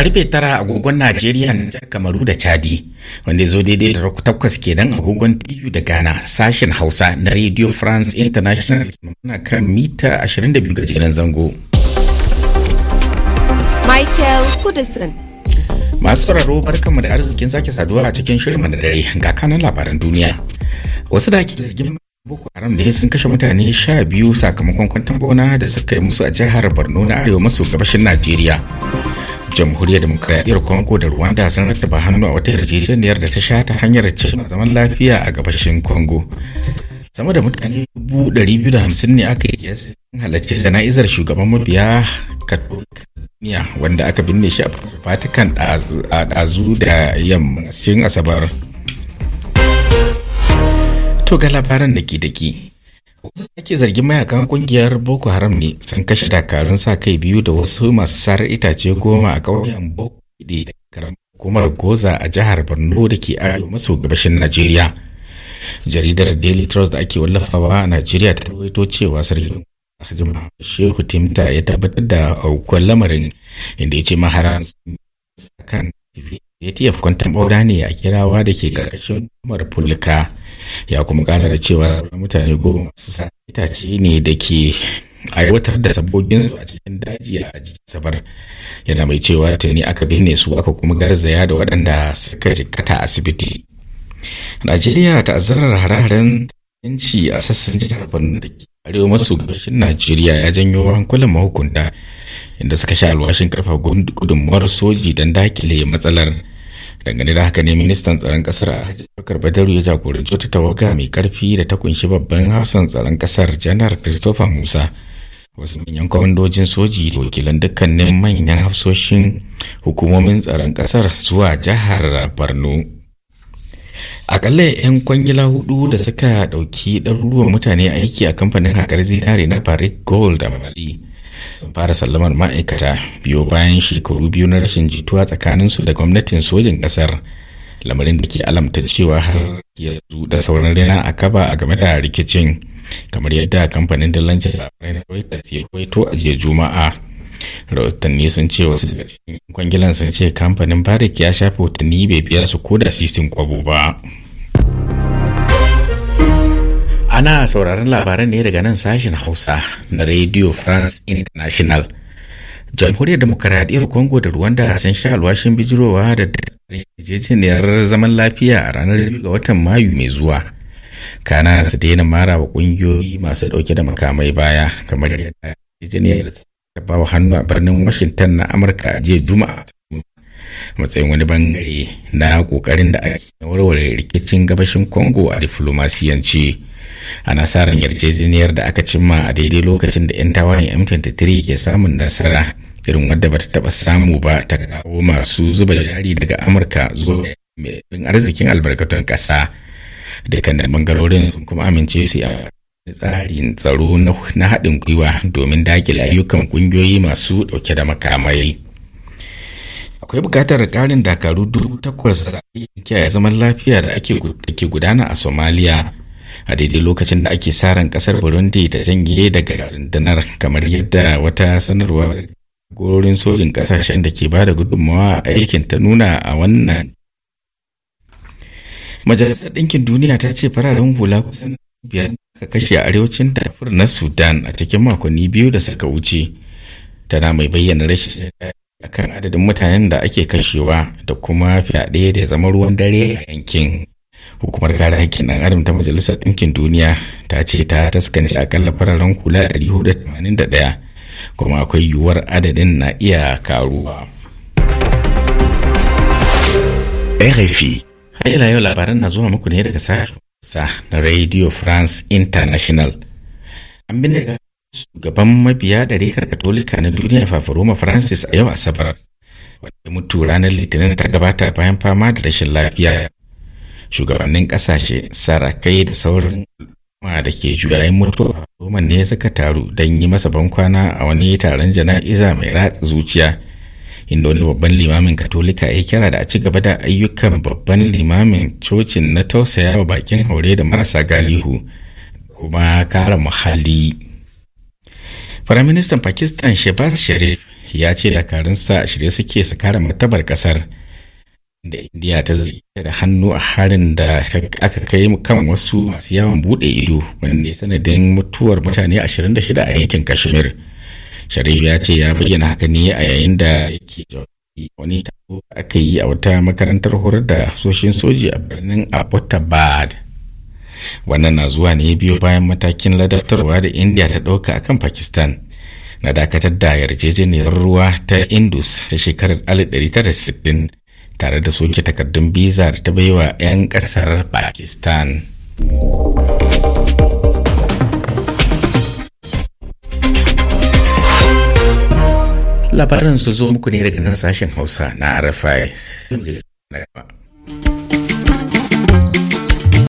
karfe tara agogon Najeriya na Kamaru da Chadi wanda zo daidai da takwas ke nan agogon tv da Ghana sashen Hausa na Radio France International na kan mita 22 gajeren zango. Michael Kudison Masu sauraro barkanmu da arzikin sake saduwa a cikin shirin da dare ga kanan labaran duniya. Wasu da ke zargin Boko Haram ne sun kashe mutane sha biyu sakamakon kwantan bona da suka yi musu a jihar Borno na arewa maso gabashin Najeriya. jamhuriyar demokradiyyar congo da rwanda sun rattaba hannu a wata yarjejeniyar da ta sha ta hanyar cimma zaman lafiya a gabashin congo sama da mutane 250 ne aka yi halarci jana'izar shugaban mabiya katolika wanda aka binne shi a fatikan a ɗazu da yammacin asabar to ga labaran da daki Wasu ake zargin mayakan kungiyar Boko Haram ne sun kashe dakarun sa kai biyu da wasu masu sarar itace goma a ƙauyen Boko da hukumar Goza a jihar Borno da ke arewa maso gabashin Najeriya. Jaridar Daily Trust da ake wallafawa a Najeriya ta rawaito cewa sarkin Alhaji Shehu Timta ya tabbatar da aukuwar lamarin inda ya ce maharan kan TV ATF kwantar ɓaura ne a kirawa da ke ƙarƙashin hukumar Fulka ya kuma ƙara da cewa mutane goma masu sa itace ne da ke aiwatar da sabobinsu a cikin daji a sabar yana mai cewa tuni aka binne su aka kuma garzaya da waɗanda suka jikata asibiti najeriya ta hare-haren yanci a sassan jihar borno da ke arewa maso gabashin najeriya ya janyo hankulan mahukunta inda suka sha alwashin karfa gudunmuwar soji don dakile matsalar dangane da haka ne ministan tsaron kasar bakar badaru ya jagoranci wata tawaga mai karfi da ta kunshi babban hafsan tsaron kasar janar christopher musa wasu manyan kwamandojin soji da wakilan dukkanin manyan hafsoshin hukumomin tsaron kasar zuwa jihar borno akalla 'yan kwangila hudu da suka dauki ɗaruruwan mutane aiki a kamfanin hakar zinare na paris gold a mali sun fara sallamar ma'aikata biyo bayan shekaru biyu na rashin jituwa tsakaninsu da gwamnatin sojin kasar lamarin da ke alamta cewa har yanzu da sauran rana a kaba a game da rikicin kamar yadda kamfanin dillancin labarai na Reuters ya kwaito a jiya Juma'a. Rahotanni sun ce wasu daga cikin kwangilan sun ce kamfanin Barik ya shafe watanni bai biyar su ko da sisin kwabo ba. ana sauraron labaran ne daga nan sashen hausa na radio france international jamhuriyar demokaradiyyar congo da rwanda sun sha alwashin bijirowa da yarjejeniyar zaman lafiya a ranar ga watan mayu mai zuwa kana su daina mara wa kungiyoyi masu dauke da makamai baya kamar yadda yarjejeniyar ta bawa hannu a birnin washington na amurka a jiya juma'a matsayin wani bangare na kokarin da ake warware rikicin gabashin congo a diflomasiyance ana sa ran yarjejeniyar da aka cimma a daidai lokacin da 'yan tawayen m23 ke samun nasara irin wadda bata taba samu ba ta kawo masu zuba jari daga amurka zuwa mai arzikin albarkatun ƙasa da bangarorin sun kuma amince su yi tsarin tsaro na haɗin gwiwa domin dakile ayyukan ƙungiyoyi masu ɗauke da makamai akwai buƙatar ƙarin dakaru dubu takwas da kiyaye zaman lafiya da ake gudana a Somalia. a daidai lokacin da ake sa ran kasar burundi ta janye daga rundunar kamar yadda wata sanarwa gororin sojin kasashen da ke ba da gudunmawa a aikin ta nuna a wannan majalisar ɗinkin duniya ta ce fararen hula kusan biyar ka kashe a arewacin darfur na sudan a cikin makonni biyu da suka wuce tana mai bayyana rashin akan adadin mutanen da ake kashewa da kuma fyaɗe da zama ruwan dare a yankin hukumar kare haƙƙin ɗan adam ta majalisar ɗinkin duniya ta ce ta taskanci akalla fararen kula 481 kuma akwai yiwuwar adadin na iya karuwa RFI ila yau labaran na zuwa muku ne daga sa na Radio France International. An bin daga shugaban mabiya rikar Katolika na duniya Fafaroma Francis a yau Asabar. Wanda mutu ranar Litinin ta gabata bayan fama da rashin lafiya. shugabannin kasashe sarakai da sauran ma da ke juyayen mutuwa roman ne suka taru don yi masa bankwana a wani taron jana'iza mai ratsa zuciya inda wani babban limamin katolika ya kira da a ci gaba da ayyukan babban limamin cocin na tausaya wa bakin haure da marasa galihu kuma kara muhalli firaministan pakistan shabaz sharif ya ce dakarunsa shirye suke su kare martabar kasar da indiya ta zai da hannu a harin da aka kai kan wasu masu yawon bude ido wanda sanadin mutuwar mutane 26 a yankin kashmir sharif ya ce ya bayyana haka ne a yayin da yake wani taro aka yi a wata makarantar horar da hafsoshin soji a birnin abbottabad wannan na zuwa ne biyo bayan matakin ladabtarwa da indiya ta ɗauka akan pakistan na dakatar da yarjejeniyar ruwa ta indus ta shekarar 1960 tare da soke takardun biza da ta baiwa 'yan kasar pakistan labarin su zo muku ne daga nan sashen hausa na rfi